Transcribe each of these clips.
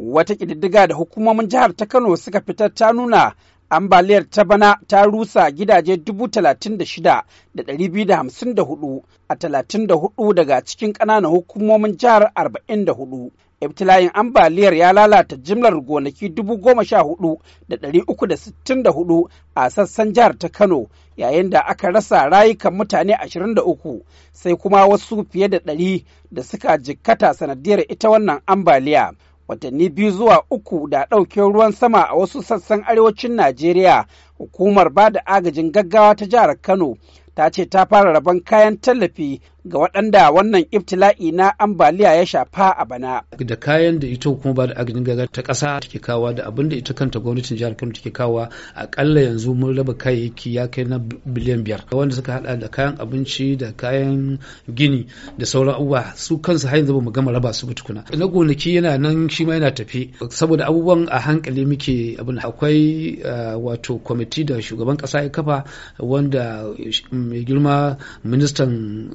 wata ƙididdiga da hukumomin jihar ta kano suka fitar ta nuna ambaliyar ta bana ta rusa gidaje 36,254 a 34 daga cikin ƙananan hukumomin jihar 44 ibtila'in ambaliyar ya lalata jimlar gonaki 14,364 a sassan jihar ta kano yayin da aka rasa rayukan mutane 23 sai kuma wasu fiye da 100 da suka jikkata sanadiyar ita wannan ambaliya. watanni biyu zuwa uku da ɗauke ruwan sama a wasu sassan arewacin najeriya hukumar ba da agajin gaggawa ta jihar kano ta ce ta fara rabon kayan tallafi ga waɗanda wannan ibtila'i na ambaliya ya shafa a bana. Da kayan da ita kuma ba da agajin gaga ta ƙasa take kawa da abin da ita kanta gwamnatin jihar Kano take kawa akalla yanzu mun raba kayayyaki ya kai na biliyan biyar wanda suka haɗa da kayan abinci da kayan gini da sauran abubuwa su kansu har yanzu mu gama raba su ba tukuna. Na gonaki yana nan shi ma yana tafi saboda abubuwan a hankali muke abin akwai eh, wato kwamiti da shugaban ƙasa ya kafa wanda mm, mai girma ministan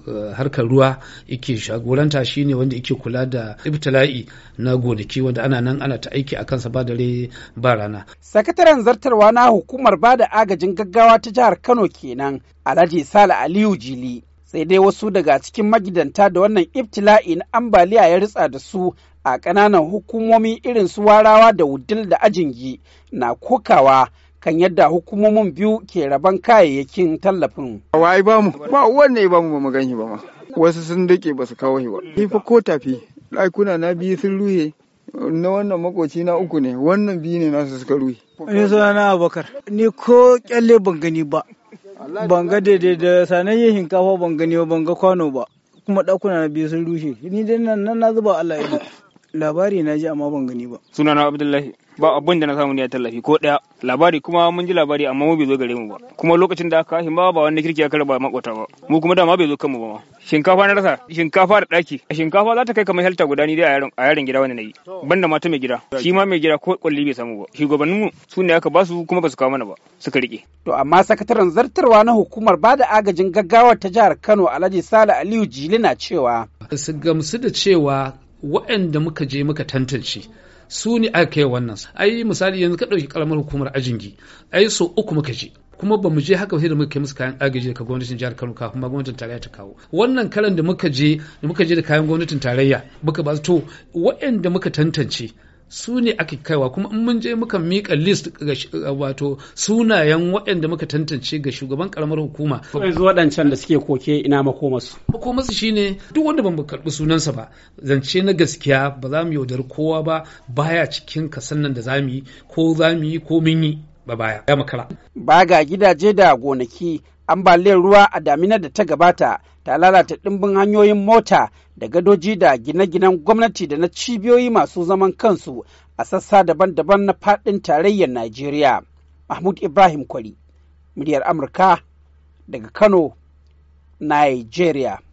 eh, harkar ruwa yake shagoranta shine wanda yake kula da ibtila'i na gonaki wanda ana nan ana ta aiki a kansa ba dare ba rana. Sakataren zartarwa na hukumar ba da agajin gaggawa ta jihar Kano kenan Alhaji sala Aliyu Jili. Sai dai wasu daga cikin magidanta da wannan ibtila'i na ambaliya ya ritsa da su a ƙananan hukumomi irin su warawa da wudil da ajingi na kokawa kan yadda hukumomin biyu ke raban kayayyakin tallafin. Wai ba mu ba wanne ba mu ba mu ganshi ba ma. Wasu sun dake ba su kawo ba. Ni fa ko tafi ɗakuna na biyu sun ruhe na wannan makoci na uku ne wannan biyu ne nasu suka ruhe. Ni suna na Abubakar. Ni ko kyalle ban gani ba. Ban ga daidai da yin shinkafa ban gani ba ban ga kwano ba. kuma ɗakuna na biyu sun rushe ni dai nan na zuba Allah ido labari na ji amma ban gani ba sunana abdullahi ba abin da na samu ne ya tallafi ko daya labari kuma mun ji labari amma mu bai zo gare mu ba kuma lokacin da aka himma ba wanda kirki ya karba makwata ba mu kuma da ma bai zo kanmu ba shinkafa na rasa shinkafa da daki shinkafa za ta kai kamar halta guda ni dai a yaron a yaron gida wanda nayi banda mata mai gida shi ma mai gida ko kulli bai samu ba shugabannin mu su ne aka basu kuma ba su kawo mana ba suka rike to amma sakataren zartarwa na hukumar bada agajin gaggawa ta jihar Kano Alhaji Sale Aliyu Jili na cewa su gamsu da cewa waɗanda muka je muka tantance su ne aka kai wannan ai misali yanzu ka ɗauki karamar hukumar ajingi ai so uku muka je kuma ba mu je haka sai da muka kai musu kayan agaji daga gwamnatin jihar Kano kafin ma gwamnatin tarayya ta kawo wannan karan da muka je da muka je da kayan gwamnatin tarayya muka ba to waɗanda muka tantance su ne ake kaiwa kuma in mun je muka mika list wato sunayen waɗanda muka tantance ga shugaban karamar hukuma. yanzu waɗancan da suke koke ina makomasu. makomasu shine duk wanda ban karɓi sunansa ba zance na gaskiya ba za mu yaudari kowa ba baya cikin kasan nan da za mu yi ko za mu yi ko mun yi ba baya ba ga gidaje da gonaki ambaliyar ruwa a damina da ta gabata ta lalata ɗimbin hanyoyin mota da gadoji da gine-ginen gwamnati da na cibiyoyi masu zaman kansu a sassa daban-daban na faɗin tarayyar Najeriya. Mahmud Ibrahim Kwari, muryar Amurka daga Kano, Nigeria.